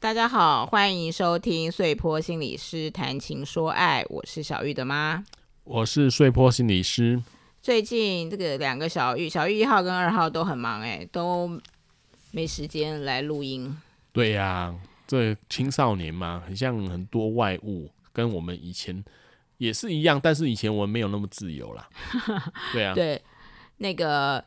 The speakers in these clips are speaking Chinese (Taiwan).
大家好，歡迎收聽穗波心理師談情說愛，我是小玉的媽，我是穗波心理師。最近這個兩個小玉，小玉一號跟二號都很忙、欸，哎，都沒時間來錄音。對呀、啊，這青少年嘛，很像很多外物，跟我們以前也是一樣，但是以前我們沒有那麼自由啦。 對啊， 對那個。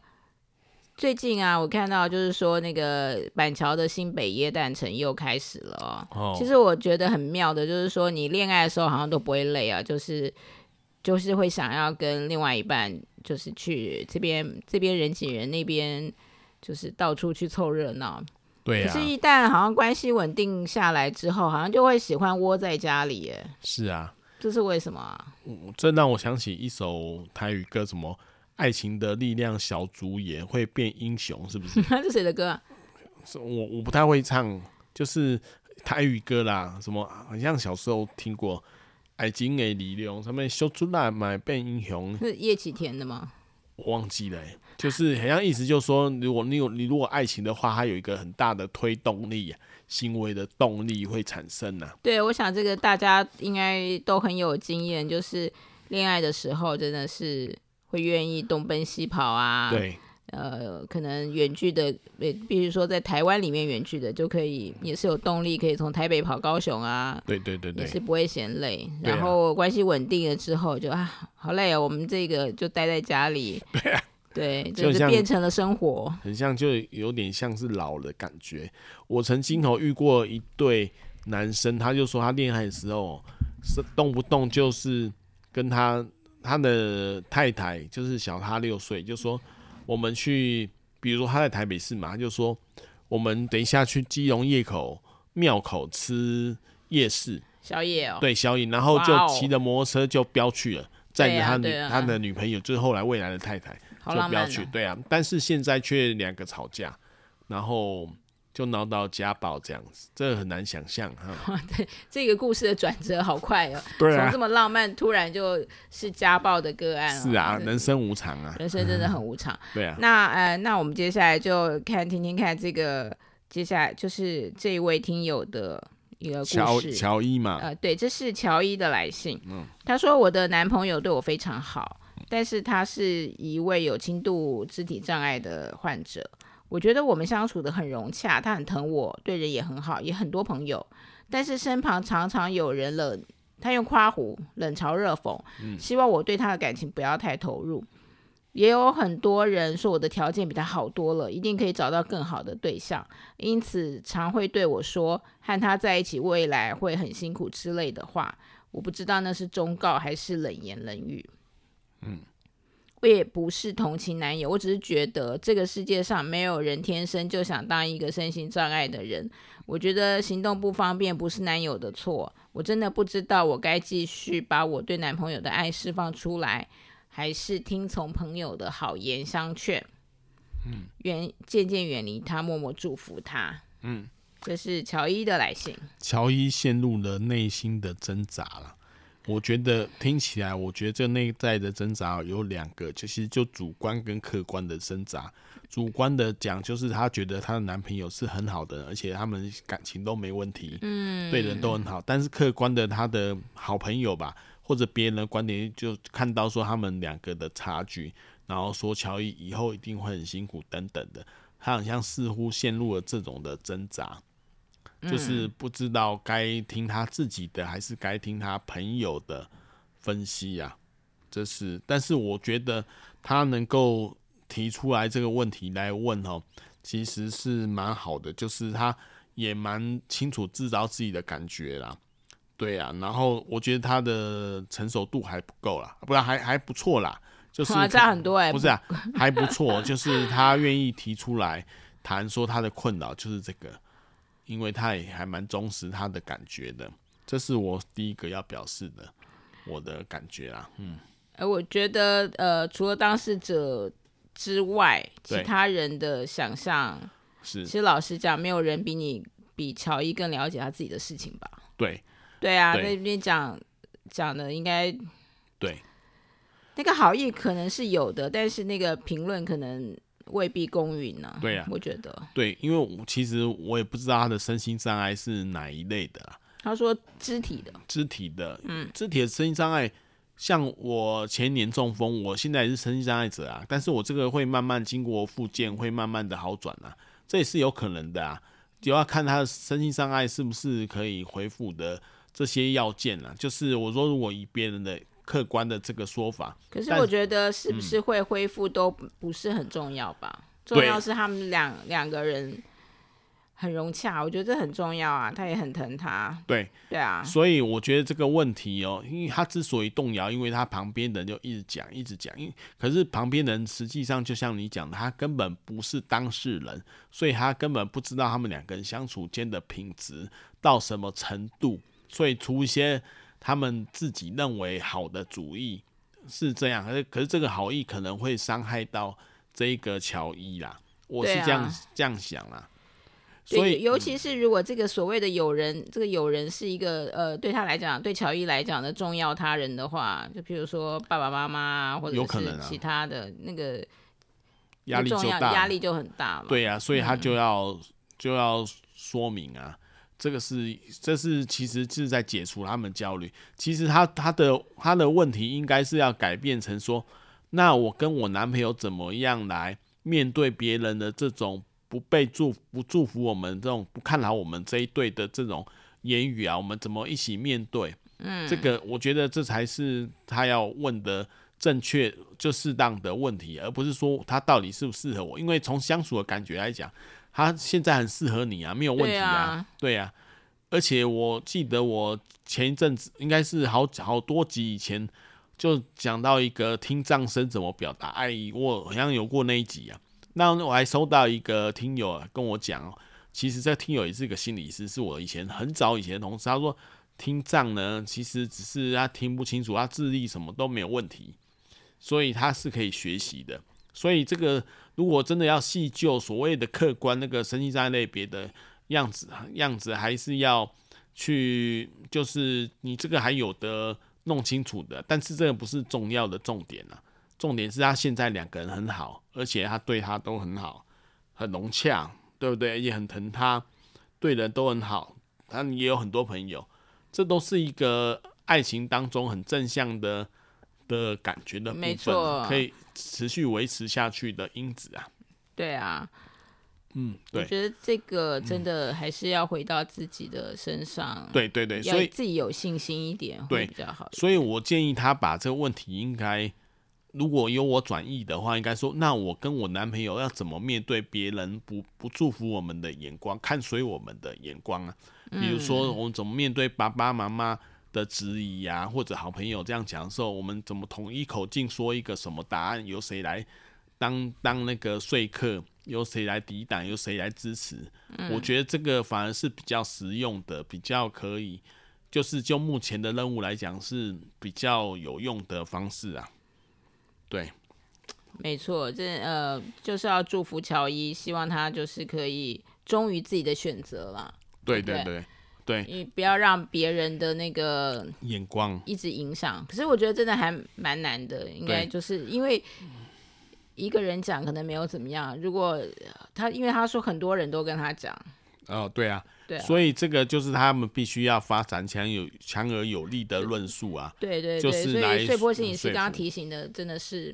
最近啊，我看到就是說那個板橋的新北耶誕城又開始了喔。哦。其實我覺得很妙的，就是說你戀愛的時候好像都不會累啊，就是就是會想要跟另外一半就是去這邊這邊人擠人那邊，就是到處去湊熱鬧。對啊。可是一旦好像關係穩定下來之後，好像就會喜歡窩在家裡耶。是啊，這是為什麼啊？嗯，這讓我想起一首台語歌，什麼？愛情的力量，小主也會變英雄，是不是？ 這是誰的歌啊？我，我不太會唱，就是台語歌啦，什麼好像小時候聽過《愛情的力量》，什麼小竹啦，買變英雄，是葉啟田的嗎？我忘記了、欸，就是好像意思就是說，如果你有你如果愛情的話，它有一個很大的推動力，行為的動力會產生吶、啊。對，我想這個大家應該都很有經驗，就是戀愛的時候真的是。會願意東奔西跑啊？對，呃，可能遠距的，呃，比如說在台灣裡面遠距的就可以，也是有動力，可以從台北跑高雄啊。對對對對，是不會嫌累。啊、然後關係穩定了之後就，就、啊、好累哦，我們這個就待在家裡。對，啊、對，就是變成了生活。很像，很像就有點像是老了的感覺。我曾經哦遇過一對男生，他就說他戀愛的時候是動不動就是跟他。他的太太就是小他六歲，就說我們去，比如說他在台北市嘛，他就說我們等一下去基隆夜口廟口吃夜市宵夜哦。對宵夜，然後就騎着摩托車就飆去了，載着、哦、他女、啊啊、他的女朋友，就是後來未來的太太，就飆去。啊對啊，但是現在卻兩個吵架，然後。就鬧到家暴這樣子，這很難想象哈。 對，這個故事的轉折好快哦。對啊。從這麼浪漫，突然就是家暴的個案了。是啊，哦、人生無常啊。人生真的很無常。 對啊。那呃，那我們接下來就看聽聽看這個，接下來就是這一位聽友的一個故事。喬喬伊嘛。呃，對，這是喬伊的來信。嗯。他說：“我的男朋友對我非常好，但是他是一位有輕度肢體障礙的患者。”我覺得我們相處得很融洽，他很疼我，對人也很好，也很多朋友。但是身旁常常有人冷，他用誇胡冷嘲熱諷，希望我對他的感情不要太投入。嗯、也有很多人說我的條件比他好多了，一定可以找到更好的對象，因此常會對我說和他在一起未來會很辛苦之類的話。我不知道那是忠告還是冷言冷語。嗯我也不是同情男友，我只是覺得這個世界上沒有人天生就想當一個身心障礙的人。我覺得行動不方便不是男友的錯，我真的不知道我該繼續把我對男朋友的愛釋放出來，還是聽從朋友的好言相勸，遠、嗯、漸漸遠離他，默默祝福他。嗯，這是喬伊的來信。喬伊陷入了內心的掙扎了。我覺得聽起來，我覺得這內在的掙扎有兩個，其實就主觀跟客觀的掙扎。主觀的講，就是她覺得她的男朋友是很好的，而且他們感情都沒問題，嗯，對人都很好。但是客觀的，她的好朋友吧，或者別人的觀點，就看到說他們兩個的差距，然後說喬伊以後一定會很辛苦等等的。她好像似乎陷入了這種的掙扎。就是不知道該聽他自己的還是該聽他朋友的分析呀、啊。這是，但是我覺得他能夠提出來這個問題來問哦，其實是蠻好的。就是他也蠻清楚知道自己的感覺啦，對呀、啊。然後我覺得他的成熟度還不夠啦，不然還還不錯啦。就是差很多哎，不是啊，還不錯。就是他願意提出來談說他的困擾就是這個。因為他也還蠻忠實他的感覺的，這是我第一個要表示的，我的感覺啊，嗯、呃，我覺得，呃，除了當事者之外，其他人的想象是，對其實老實講，沒有人比你比喬伊更了解他自己的事情吧？對，對啊，對那邊講講的應該，對，那個好意可能是有的，但是那個評論可能。未必公允呢、啊。對呀、啊，我覺得。對，因為我其實我也不知道他的身心障礙是哪一類的、啊。他說肢體的。肢體的，嗯，肢體的身心障礙，像我前年中風，我現在也是身心障礙者啊。但是我這個會慢慢經過復健，會慢慢的好轉啊，這也是有可能的啊。就要看他的身心障礙是不是可以恢復的這些要件啊。就是我說，如果以別人的。客觀的這個說法，可是我覺得是不是會恢復都不是很重要吧？嗯、重要是他們兩兩對個人很融洽，我覺得這很重要啊。他也很疼他。對對啊，所以我覺得這個問題哦、喔，因為他之所以動搖，因為他旁邊人就一直講一直講，因可是旁邊人實際上就像你講，他根本不是當事人，所以他根本不知道他們兩個人相處間的品質到什麼程度，所以出現。他們自己認為好的主意是這樣，可是可是這個好意可能會傷害到這個喬伊啦。我是這樣、啊、這樣想啦，所以尤其是如果這個所謂的友人，嗯、這個友人是一個呃，對他來講，對喬伊來講的重要他人的話，就譬如說爸爸媽媽或者是其他的那個壓、啊、力就大了，壓力就很大了。對呀、啊，所以他就要、嗯、就要說明啊。這個是，這是其實是在解除他們焦慮。其實他他的他的問題應該是要改變成說，那我跟我男朋友怎麼樣來面對別人的這種不被祝福不祝福我們這種不看好我們這一對的這種言語啊？我們怎麼一起面對？嗯，這個我覺得這才是他要問的正確就適當的問題，而不是說他到底是不是適合我。因為從相處的感覺來講。他現在很適合你啊，沒有問題啊，對啊，對啊，而且我記得我前一陣子，應該是好好多集以前，就講到一個聽障生怎麼表達。哎，我好像有過那一集啊。那我還收到一個聽友跟我講，其實這聽友也是個心理師，是我以前很早以前的同事。他說聽障呢，其實只是他聽不清楚，他智力什麼都沒有問題，所以他是可以學習的。所以這個。如果真的要細究所謂的客觀那個身心障礙類別的樣子，樣子還是要去，就是你這個還有的弄清楚的，但是這個不是重要的重點了。啊。重點是他現在兩個人很好，而且他對他都很好，很融洽，對不對？而且很疼他，對人都很好，他也有很多朋友，這都是一個愛情當中很正向的。的感覺的部分，沒錯，可以持續維持下去的因子啊。對啊，嗯，對，我覺得這個真的還是要回到自己的身上。嗯、對對對，所以自己有信心一點以會比較好。所以我建議他把這個問題應，應該如果由我轉譯的話，應該說，那我跟我男朋友要怎麼面對別人不不祝福我們的眼光，看衰我們的眼光啊？比如說，我們怎麼面對爸爸媽媽？嗯的質疑啊，或者好朋友這樣講的時候，我們怎麼統一口徑說一個什麼答案？由誰來當當那個說客？由誰來抵擋？由誰來支持？嗯、我覺得這個反而是比較實用的，比較可以，就是就目前的任務來講是比較有用的方式啊。對，沒錯，這呃就是要祝福喬伊，希望他就是可以忠於自己的選擇啦。對對對。對對，你不要讓別人的那個眼光一直影響。光可是我覺得真的還蠻難的，應該就是因為一個人講可能沒有怎麼樣。如果他因為他說很多人都跟他講，哦，對啊，對啊，所以這個就是他們必須要發展強有強而有力的論述啊。對對對，對對，所以穗波心理師剛剛提醒的，真的是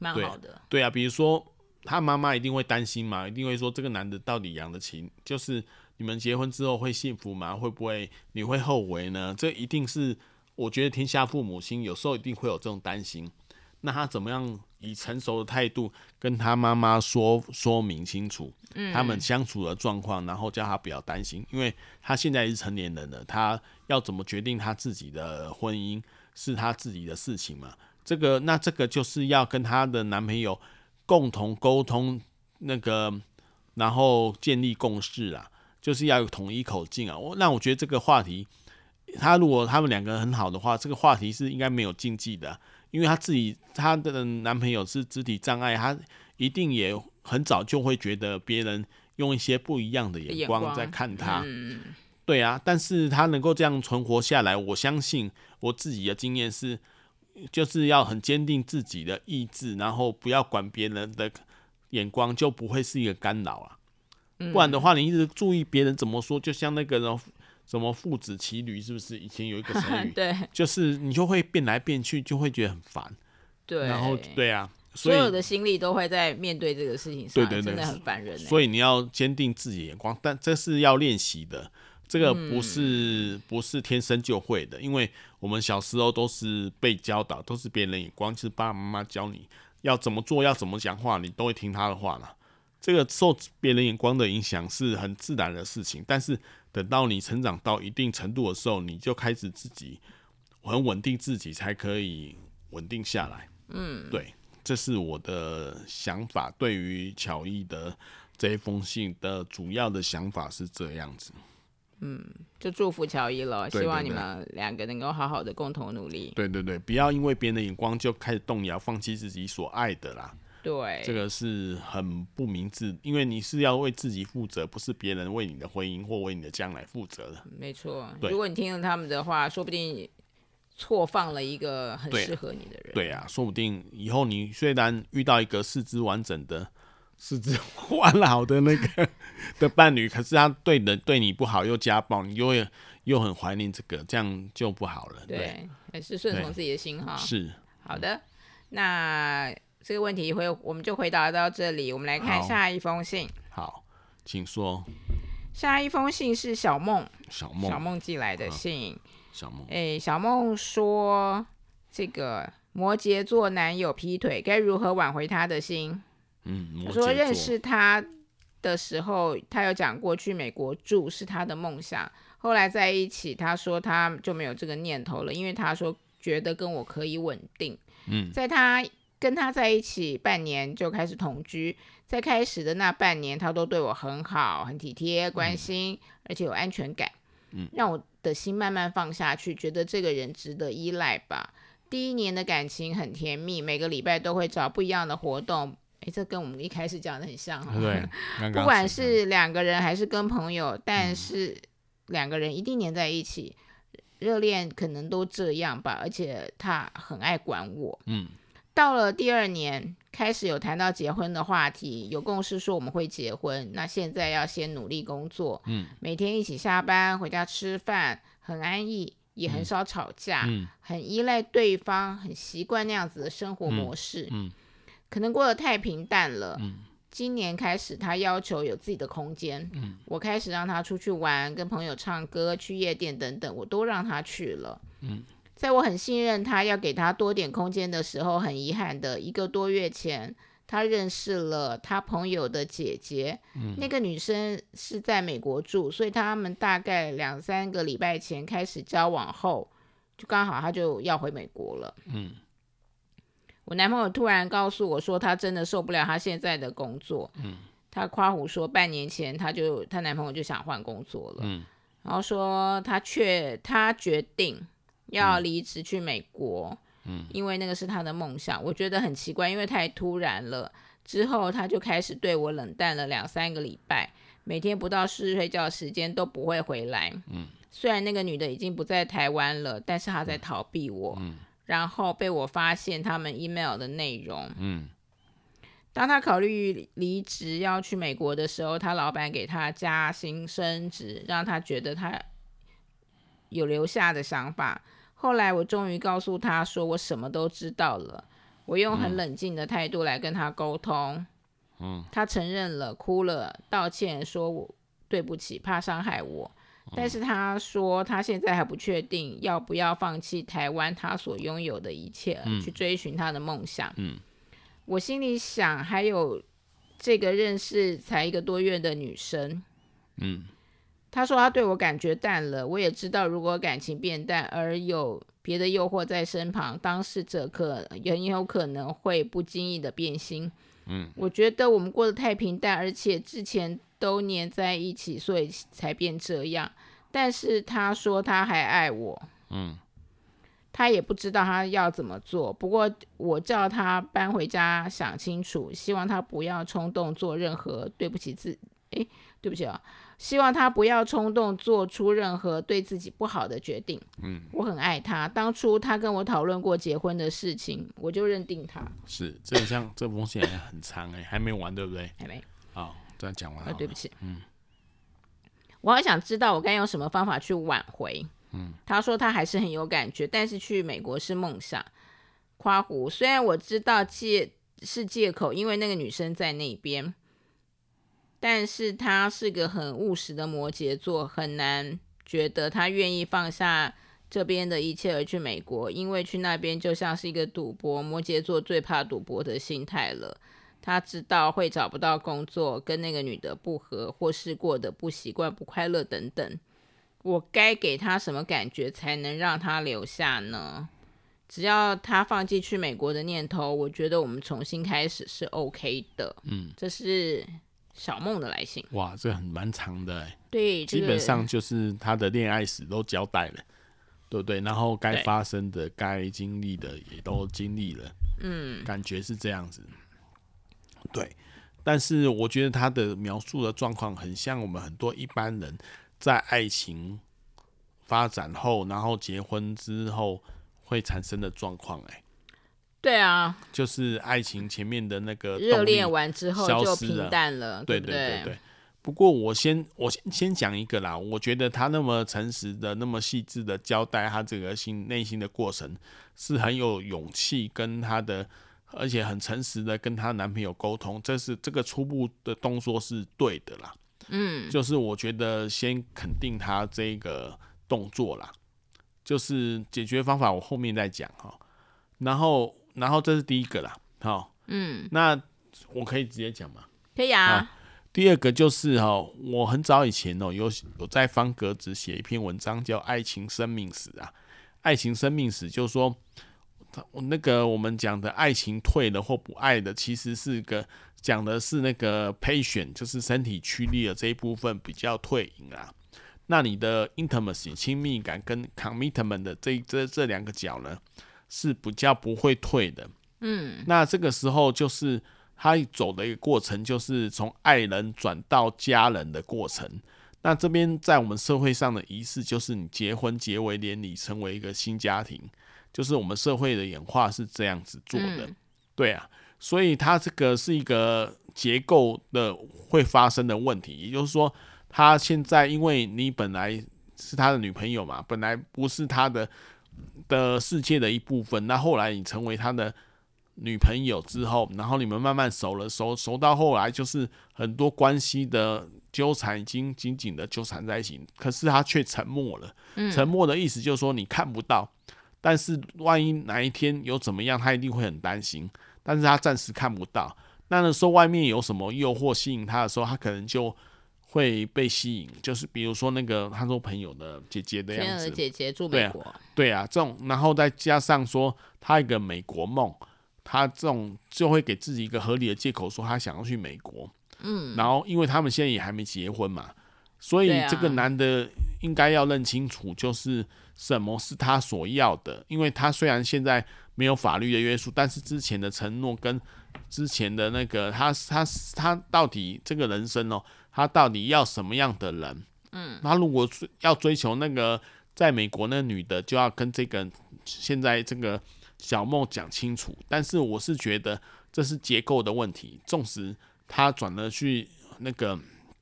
蠻好的。對，對啊，比如說他媽媽一定會擔心嘛，一定會說這個男的到底養得起，就是。你們結婚之後會幸福嗎？會不會你會後悔呢？這一定是我覺得天下父母心，有時候一定會有這種擔心。那他怎麼樣以成熟的態度跟他媽媽說，說明清楚他們相處的狀況，然後叫他不要擔心，嗯，因為他現在是成年人了，他要怎麼決定他自己的婚姻是他自己的事情嘛。這個那這個就是要跟他的男朋友共同溝通那個，然後建立共識啦。就是要有統一口徑啊！我那我覺得這個話題，他如果他們兩個很好的話，這個話題是應該沒有禁忌的。因為她自己，她的男朋友是肢體障礙，她一定也很早就會覺得別人用一些不一樣的眼光在看她。嗯、對啊，但是她能夠這樣存活下來，我相信我自己的經驗是，就是要很堅定自己的意志，然後不要管別人的眼光，就不會是一個干擾啊。不然的話，你一直注意別人怎麼說，就像那個什麼父子騎驢，是不是？以前有一個成語，呵呵，對，就是你就會變來變去，就會覺得很煩。對，然後對啊，所，所有的心力都會在面對這個事情上，對對對，真的很煩人。所以你要堅定自己的眼光，但這是要練習的，這個不是、嗯、不是天生就會的，因為我們小時候都是被教導，都是別人眼光，就是爸爸媽媽教你要怎麼做，要怎麼講話，你都會聽他的話啦。這個受別人眼光的影響是很自然的事情，但是等到你成長到一定程度的時候，你就開始自己很穩定自己，才可以穩定下來。嗯，對，這是我的想法。對於喬伊的這一封信的主要的想法是這樣子。嗯，就祝福喬伊了，對對對，希望你們兩個能夠好好的共同努力。對對對，不要因為別人的眼光就開始動搖，放棄自己所愛的啦。對，這個是很不明智，因為你是要為自己負責，不是別人為你的婚姻或為你的將來負責的。沒錯，對如果你聽了他們的話，說不定錯放了一個很適合你的人。對啊，對啊，說不定以後你雖然遇到一個四肢完整的，四肢完好的那個 的伴侶，可是他對人對你不好，又家暴，你又又很懷念這個，這樣就不好了。對，還對是順從自己的心哈。對哦，是，好的，嗯，那。這個問題回我們就回答到這裡。我們來看下一封信。好，好，請說。下一封信是小，小夢，小夢寄來的信。啊、小夢，誒、欸，小夢說這個摩羯座男友劈腿，該如何挽回他的心？嗯，摩羯座。他說認識他的時候，他有講過去美國住是他的夢想。後來在一起，他說他就沒有這個念頭了，因為他說覺得跟我可以穩定。嗯，在他。跟他在一起半年就開始同居，在開始的那半年，他都對我很好，很體貼，關心，嗯、而且有安全感，嗯，讓我的心慢慢放下去，覺得這個人值得依賴吧。第一年的感情很甜蜜，每個禮拜都會找不一樣的活動，哎，這跟我們一開始講的很像。哦，對，剛剛 不管是兩個人還是跟朋友，嗯、但是兩個人一定黏在一起，熱戀可能都這樣吧，而且他很愛管我，嗯。到了第二年開始有談到結婚的話題，有共識說我們會結婚。那現在要先努力工作，嗯，每天一起下班回家吃飯，很安逸，也很少吵架，嗯，很依賴對方，很習慣那樣子的生活模式，嗯，嗯，可能過得太平淡了。嗯，今年開始他要求有自己的空間，嗯，我開始讓他出去玩，跟朋友唱歌、去夜店等等，我都讓他去了，嗯。在我很信任他，要給他多點空間的時候，很遺憾的一個多月前，他認識了他朋友的姐姐。嗯，那個女生是在美國住，所以他們大概兩三個禮拜前開始交往後，就剛好他就要回美國了。嗯，我男朋友突然告訴我說，他真的受不了他現在的工作。嗯，他誇胡說，半年前他就他男朋友就想換工作了。嗯，然後說他確他決定。要離職去美國，嗯、因為那個是他的夢想，嗯、我覺得很奇怪，因為太突然了。之後他就開始對我冷淡了兩三個禮拜，每天不到睡睡覺時間都不會回來。嗯、雖然那個女的已經不在台灣了，但是他在逃避我。嗯、然後被我發現他們 email 的內容。嗯、當他考慮離職要去美國的時候，他老闆給他加薪升職，讓他覺得他有留下的想法。後來我終於告訴他說我什麼都知道了，我用很冷靜的態度來跟他溝通。嗯嗯、他承認了，哭了，道歉，說我對不起，怕傷害我。嗯、但是他說他現在還不確定要不要放棄台灣他所擁有的一切，去追尋他的夢想。嗯嗯、我心裡想，還有這個認識才一個多月的女生。嗯他說他對我感覺淡了，我也知道，如果感情變淡而有別的誘惑在身旁，當事者可很有可能會不經意的變心。嗯，我覺得我們過得太平淡，而且之前都黏在一起，所以才變這樣。但是他說他還愛我，嗯，他也不知道他要怎麼做。不過我叫他搬回家想清楚，希望他不要衝動做任何對不起自，誒、欸，對不起啊。希望他不要衝動做出任何對自己不好的決定。嗯，我很愛他。當初他跟我討論過結婚的事情，我就認定他是。這像 這封信還很長哎、欸，還沒完對不對？還沒。好、哦，再講完了。了、哦。對不起。嗯。我好想知道我該用什麼方法去挽回？嗯。他說他還是很有感覺，但是去美國是夢想。誇胡，雖然我知道借是借口，因為那個女生在那邊。但是他是個很務實的摩羯座，很難覺得他願意放下這邊的一切而去美國，因為去那邊就像是一個賭博。摩羯座最怕賭博的心態了，他知道會找不到工作，跟那個女的不合，或是過得不習慣、不快樂等等。我該給他什麼感覺才能讓他留下呢？只要他放棄去美國的念頭，我覺得我們重新開始是 OK 的。嗯，這是。小夢的來信哇，這個很蠻長的。欸，對，這個，基本上就是他的戀愛史都交代了，對不對？然後該發生的、該對經歷的也都經歷了，嗯，感覺是這樣子。對，但是我覺得他的描述的狀況很像我們很多一般人，在愛情發展後，然後結婚之後會產生的狀況哎。對啊，就是愛情前面的那個熱戀完之後就平淡了，對對，對對對對。不過我先我先先講一個啦，我覺得她那麼誠實的、那麼細緻的交代她這個心內心的過程，是很有勇氣跟她的，而且很誠實的跟她男朋友溝通，這是這個初步的動作是對的啦。嗯，就是我覺得先肯定她這個動作啦，就是解決方法我後面再講哈，然後。然後這是第一個啦，好、哦，嗯，那我可以直接講嗎，可以啊、哦。第二個就是哦，我很早以前哦，有有在方格子寫一篇文章，叫《愛情生命史》啊，《愛情生命史》就是說，那個我們講的愛情退了或不愛的，其實是個講的是那個 passion 就是身體驅力的這一部分比較退隱啦、啊、那你的 intimacy 親密感跟 commitment 的這這這兩個角呢？是比較不會退的，嗯，那這個時候就是他走的一個過程，就是從愛人轉到家人的過程。那這邊在我們社會上的儀式，就是你結婚結為連理，成為一個新家庭，就是我們社會的演化是這樣子做的，嗯、對啊。所以他這個是一個結構的會發生的問題，也就是說，他現在因為你本來是他的女朋友嘛，本來不是他的。的世界的一部分。那後來你成為他的女朋友之後，然後你們慢慢熟了熟，熟熟到後來就是很多關係的糾纏，已經緊緊的糾纏在一起。可是他卻沉默了。嗯。沉默的意思就是說你看不到，但是萬一哪一天有怎麼樣，他一定會很擔心。但是他暫時看不到。那個時候外面有什麼誘惑吸引他的時候，他可能就。會被吸引，就是比如說那個他說朋友的姐姐的樣子，的姐姐住美國，對啊，對啊，這種然後再加上說他一個美國夢，他這種就會給自己一個合理的借口，說他想要去美國，嗯，然後因為他們現在也還沒結婚嘛，所以這個男的應該要認清楚，就是什麼是他所要的，因為他雖然現在沒有法律的約束，但是之前的承諾跟之前的那個他他他到底這個人生哦。他到底要什麼樣的人？嗯，他如果追要追求那個在美國那女的，就要跟這個現在這個小夢講清楚。但是我是覺得這是結構的問題，縱使他轉了去那個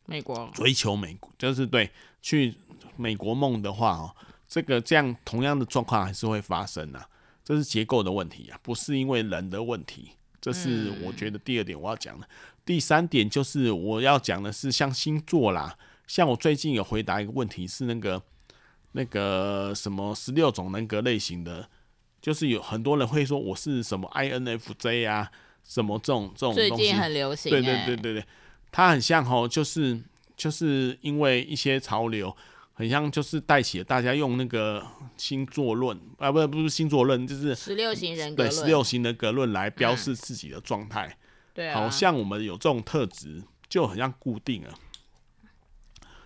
美國追求美國，就是對去美國夢的話，哦，這個這樣同樣的狀況還是會發生啊，這是結構的問題啊，不是因為人的問題。這是我覺得第二點我要講的。嗯、第三點就是我要講的是像星座啦，像我最近有回答一個問題，是那個那個什麼十六種人格類型的，就是有很多人會說我是什麼 INFJ 啊，什麼這種這種最近很流行，對對對對對，它很像哦，就是就是因為一些潮流。很像就是代寫大家用那個星座論啊，不是，不不是星座論，就是十六型人格，對，十六型人格論來標示自己的狀態。嗯。對啊，好像我們有這種特質，就很像固定了，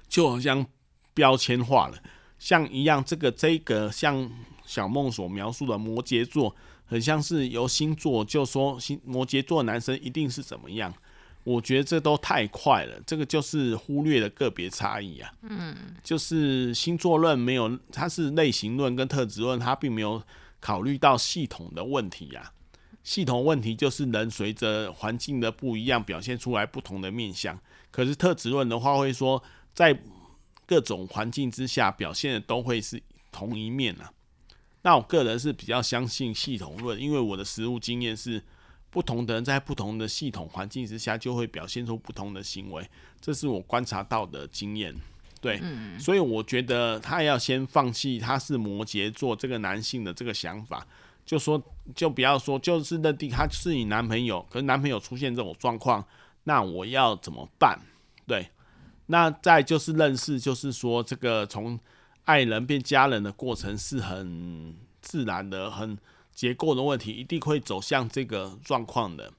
就好像標籤化了。像一樣，這個這個像小夢所描述的摩羯座，很像是由星座就說星摩羯座男生一定是怎麼樣。我覺得這都太快了，這個就是忽略了個別差異啊。嗯，就是星座論沒有，它是類型論跟特質論，它並沒有考慮到系統的問題啊。系統問題就是人隨着環境的不一樣，表現出來不同的面相。可是特質論的話，會說在各種環境之下表現的都會是同一面啊。那我個人是比較相信系統論，因為我的實務經驗是。不同的人在不同的系統環境之下，就會表現出不同的行為，這是我觀察到的經驗對、嗯。對，所以我覺得他要先放棄他是摩羯座這個男性的這個想法，就說就不要說就是認定他是你男朋友，可是男朋友出現這種狀況，那我要怎麼辦？對，那再就是認識，就是說這個從愛人變家人的過程是很自然的，很。結構的問題一定會走向這個狀況的，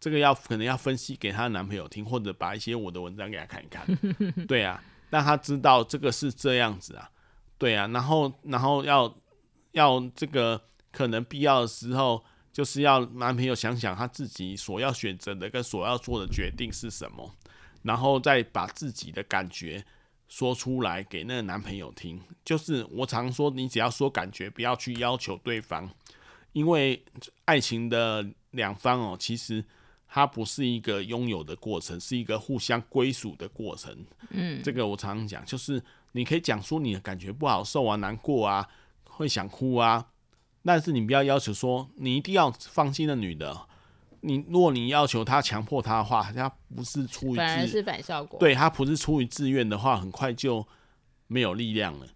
這個要可能要分析給她男朋友聽，或者把一些我的文章給她看一看，對啊，讓她知道這個是這樣子啊，對啊，然後然後要要這個可能必要的時候，就是要男朋友想想他自己所要選擇的跟所要做的決定是什麼，然後再把自己的感覺說出來給那個男朋友聽，就是我常說，你只要說感覺，不要去要求對方。因為愛情的兩方哦，其實它不是一個擁有的過程，是一個互相歸屬的過程。嗯，這個我常常講，就是你可以講說你的感覺不好受啊、難過啊、會想哭啊，但是你不要要求說你一定要放心的女的，你若你要求她強迫她的話，她不是出於是反效果，對她不是出於自願的話，很快就沒有力量了。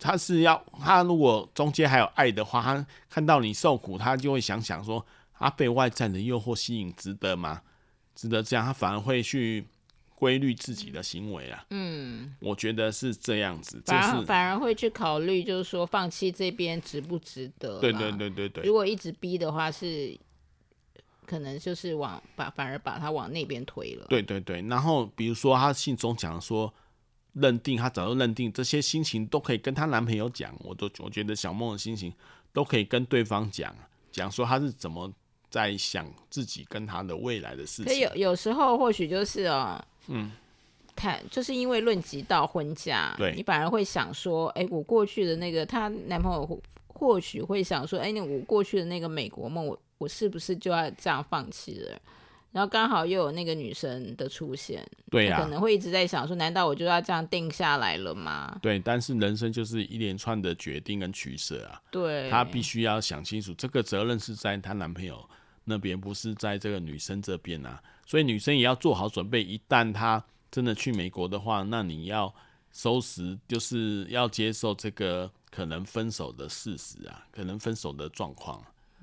他是要他如果中間還有愛的話，他看到你受苦，他就會想想說，他被外在的誘惑吸引，值得嗎？值得這樣，他反而會去規律自己的行為啦。嗯，我覺得是這樣子。反而是反而會去考慮，就是說放棄這邊值不值得？對對對對對。如果一直逼的話，是可能就是往把反而把他往那邊推了。對對對。然後比如說他信中講說。認定，她早就認定這些心情都可以跟她男朋友講，我都我覺得小夢的心情都可以跟對方講，講說她是怎麼在想自己跟她的未來的事情。可有有時候或許就是哦、喔，嗯，看就是因為論及到婚嫁，對你反而會想說，哎、欸，我過去的那個她男朋友或許會想說，哎、欸，那我過去的那個美國夢，我我是不是就要這樣放棄了？然後剛好又有那個女生的出現，對呀，可能會一直在想說，難道我就要這樣定下來了嗎？對，但是人生就是一連串的決定跟取舍啊。對，她必須要想清楚，這個責任是在她男朋友那邊，不是在這個女生這邊啊。所以女生也要做好準備，一旦她真的去美國的話，那你要收拾，就是要接受這個可能分手的事實啊，可能分手的狀況。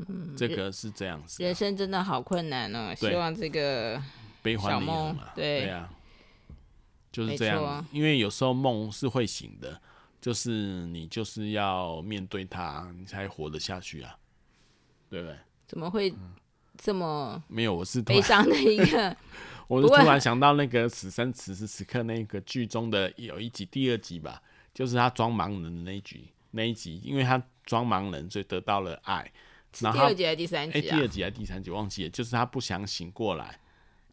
嗯、這個是這樣子，啊，人生真的好困難哦。對希望這個小夢，對啊，就是這樣。啊，因為有時候夢是會醒的，就是你就是要面對他，你才活得下去啊，對不對？怎麼會這麼、嗯、沒有？我是悲傷的一個， 我突然想到那個《此生此時此刻》那個劇中的有一集，第二集吧，就是他裝盲人的那一集那一集，因為他裝盲人，所以得到了愛。然後，哎、啊，第二集還、啊、是第三集？忘記了，就是他不想醒過來，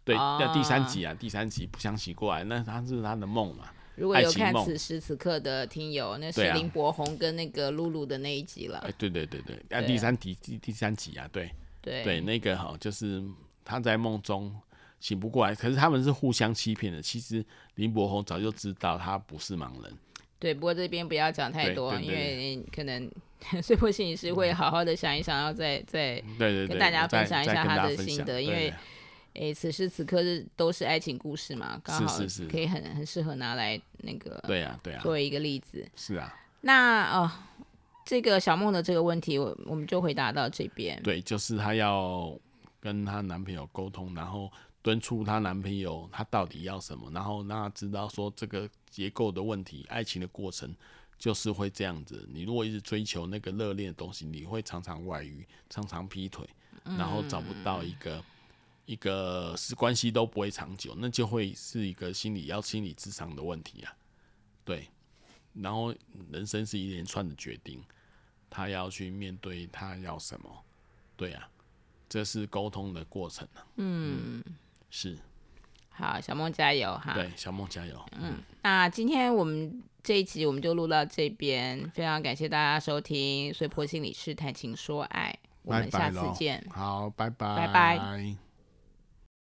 對，那、啊、第三集啊，第三集不想醒過來，那他是他的夢嘛？愛情夢。如果有看，此時此刻的，此時此刻的聽友，那是林柏宏跟那個露露的那一集了。對，啊、對對對對，對啊，啊，第三集第第三集啊，對對對，那個哈、哦，就是他在夢中醒不過來，可是他們是互相欺騙的。其實林柏宏早就知道他不是盲人。對，不過這邊不要講太多，因為可能這部戲是會好好的想一想，要再再跟大家分享一下他的心得，因為誒，此時此刻是都是愛情故事嘛，剛好可以很很適合拿來那個對啊，對啊，作為一個例子，是啊。那哦，這個小夢的這個問題，我我們就回答到這邊。對，就是她要跟她男朋友溝通，然後。敦促她男朋友，他到底要什麼？然後讓他知道說，這個結構的問題，愛情的過程就是會這樣子。你如果一直追求那個熱戀的東西，你會常常外遇，常常劈腿，然後找不到一個、嗯、一個是關係都不會長久，那就會是一個心理要心理智商的問題啊。對，然後人生是一連串的決定，他要去面對他要什麼。對啊，這是溝通的過程、啊、嗯。嗯是，好，小夢加油哈！對，小夢加油。嗯，嗯，那今天我們這一集我們就錄到這邊，非常感謝大家收聽《穗波心理師談情說愛》，我們下次見。Bye bye 好，拜拜，拜拜。